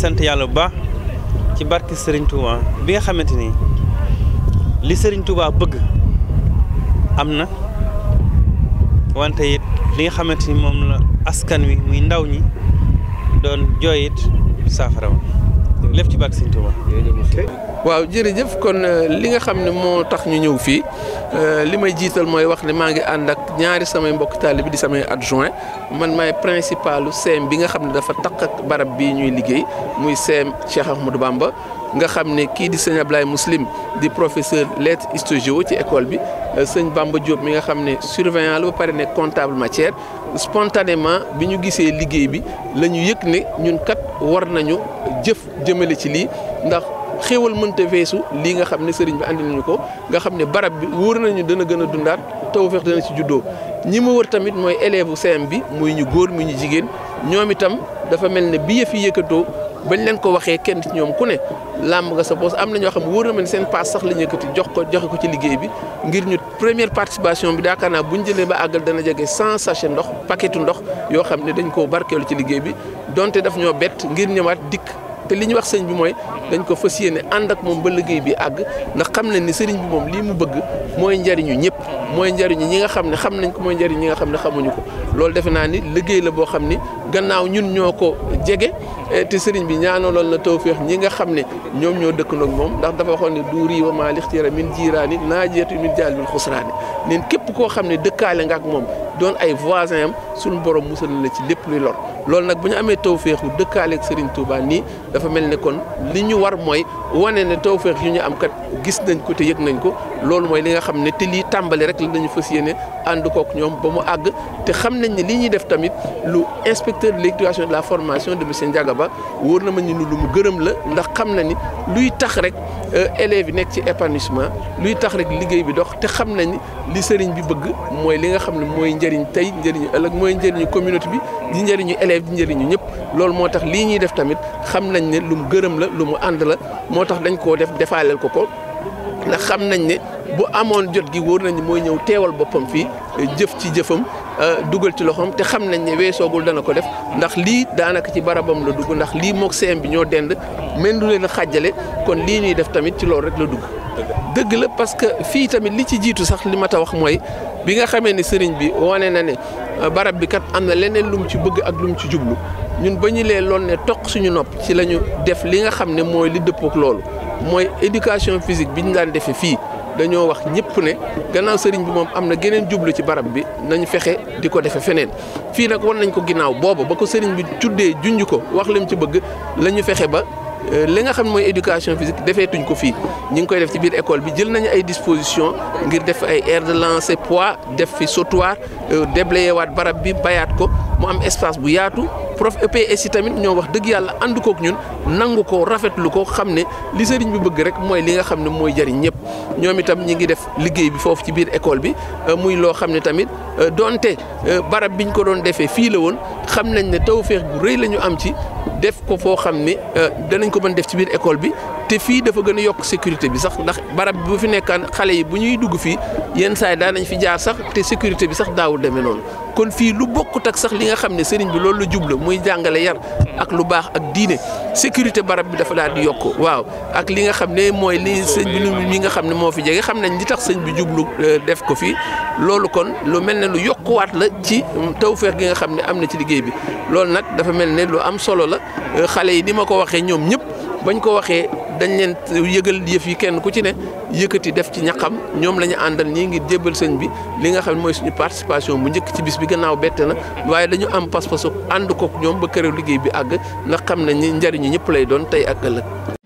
sant yàlla bu baax ci barke sëriñ Touba bi nga xamante ni li sëriñ Touba bëgg am na wante it li nga xamante ni moom la askan wi muy ndaw ñi doon jooy it saafara lépp ci barke Serigne Touba. waaw jërëjëf kon euh, li nga xam ne moo tax ñu ñëw fii euh, li may jiital mooy wax ne maa ngi ànd ak ñaari samay mbokk taalibe di samay adjoint man maay principalu CEM bi nga xam ne dafa takk ak barab bii ñuy liggéey muy CEM Cheikh Ahmadou Bamba nga xam ne kii di sëñ Ablaye Muslim di professeur lettres histoire géo ci école bi euh, sëñ Bamba Diop mi nga xam ne surveillant la ba pare nekk comptable matière spontanément bi ñu gisee liggéey bi lañu ñu yëg ne ñun kat war nañu jëf jëmale ci lii xéewal mënta feesu lii nga xam ne sëriñ bi andi nañu ko nga xam ne barab bi wóor nañu dana gën a dundaat tawfeex dana ci juddoo ñi ma war tamit mooy élève CM bi muy ñu góor mu ñu jigéen ñoom itam dafa mel ne bi yëf yi yëkkatoo bañ leen ko waxee kenn ci ñoom ku ne làmb nga sa boos am na ñoo xam wóor na ma ne seen paas sax la ñu yëkkati jox ko joxe ko ci liggéey bi ngir ñu première participation bi daakaar naa bu ñu jëlee ba àggal dana jege 100 sachet ndox paquetu yoo xam ne dañ koo barkeelu ci liggéey bi donte daf ñoo bett ngir ñëwaat dikk te li ñu wax sëñ bi mooy dañ ko fas yéene ànd ak moom ba liggéey bi àgg ndax xam nañ ni sëriñ bi moom lii mu bëgg mooy njariñu ñëpp mooy njariñu ñi nga xam ne xam nañ ko mooy njariñ ñi nga xam ne xamuñu ko loolu defe naa ni liggéey la boo xam ni gannaaw ñun ñoo ko jege eh, te sëriñ bi ñaanaloon na tawféex ñi nga xam ne ñoom ñoo dëkkandoog moom ndax dafa waxoon ne duuri wa maa lixtira min jiiraani naajeetu min jaal min xusraani neen képp koo xam ne dëkkaale nga ak moom doon ay voisin am suñu borom musal na la ci lépp luy lor loolu nag bu ñu amee tawféexu dëkkaaleek sëriñ Touba nii dafa mel ne kon li ñu war mooy wane ne tawféex yu ñu am kat gis nañ ko te yëg nañ ko loolu mooy li nga xam ne te lii tàmbali rek la dañu fas yéene ànd kook ñoom ba mu àgg te xam nañ ne li ñuy def tamit lu inspecteur de l'éducation de la formation de monsieur Ndiaga Ba wóor na ma ñu lu mu gërëm la ndax xam na ni luy tax rek euh, élèves yi nekk ci épanouissement luy tax rek liggéey bi dox te xam nañ li sëriñ bi bëgg mooy li nga xam ne mooy njëriñ tey njëriñu ëllëg mooy njëriñu communauté bi waaye njëriñu ñëpp loolu moo tax lii ñuy def tamit xam nañ ne lu mu gërëm la lu mu ànd la moo tax dañ koo def defaaleel ko ko ndax xam nañ ne bu amoon jot gi wóor nañ mooy ñëw teewal boppam fii jëf ci jëfam Euh, dugal ci loxoom te xam nañ ne weesoogul dana ko def ndax lii daanaka ci barabam la dugg ndax lii mook CM bi ñoo dend mën du leen a xàjjale kon lii ñuy def tamit ci loolu rek la dugg. dëgg la parce que fii tamit li ci jiitu sax li ma ta wax mooy bi nga xamee ni sëriñ bi wane na ne euh, barab bi kat am na leneen lu mu ci bëgg ak lu mu ci jublu ñun ba ñu lee loon ne toq suñu nopp ci la ñu def li nga xam ne mooy li dëppook loolu mooy éducation physique bi ñu daan defee fii. dañoo wax ñëpp ne gannaaw sëriñ bi moom am na geneen jublu ci barab bi nañ fexe di ko defe feneen fii nag war nañ ko ginnaaw booba ba ko sëriñ bi tuddee junj ko wax lim ci bëgg la ñu fexe ba euh, li nga xam mooy éducation defee tuñ ko fii ñu ngi koy def ci biir école bi jël nañu ay disposition ngir def ay aire de lancer poids def fi sautoir euh, déblayewaat barab bi bayaat ko mu am espace bu yaatu prof EPS yi tamit ñoo wax dëgg yàlla ànd kook ñun nangu ko rafetlu ko xam ne li sëriñ bi bëgg rek mooy li nga xam ne mooy jariñ ñëpp ñoom itam ñi ngi def liggéey bi foofu ci biir école bi euh, muy loo xam ne tamit euh, donte euh, barab biñ ko doon defee fii la woon xam nañ ne tawféex bu rëy la ñu am ci def ko foo xam ne danañ ko mën def ci biir école bi te fii dafa gën a yokk sécurité bi sax ndax barab bi bu fi nekkaan xale yi bu ñuy dugg fii yenn saa yi daan nañ fi jaar sax te sécurité bi sax daawul demee noonu kon fii lu bokkut ak sax li nga xam ne sëriñ bi loolu la jubla muy jàngale yar ak lu baax ak diine sécurité barab bi dafa daal di yokk waaw ak li nga xam ne mooy li sëñ bi lu mi nga xam ne moo fi jege xam nañ li tax sëñ bi jublu euh, def ko fii loolu kon lu mel ne lu yokkuwaat la ci mm, tawfeex gi nga xam ne am na ci liggéey bi loolu nag dafa mel ne lu am solo la euh, yi ni ma ko waxee ñoom ñëpp ko waxee dañ leen yëgal yëf yi kenn ku ci ne yëkkati def ci ñaqam ñoom lañu àndal ñii ngir jébbal seen bi li nga xam ne mooy suñu participation bu njëkk ci bis bi gannaaw bett na waaye dañu am pas-pasu ànd kook ñoom ba këréw liggéey bi àgg ndax xam ne ñi njariñu ñëpp lay doon tey ak ëllëg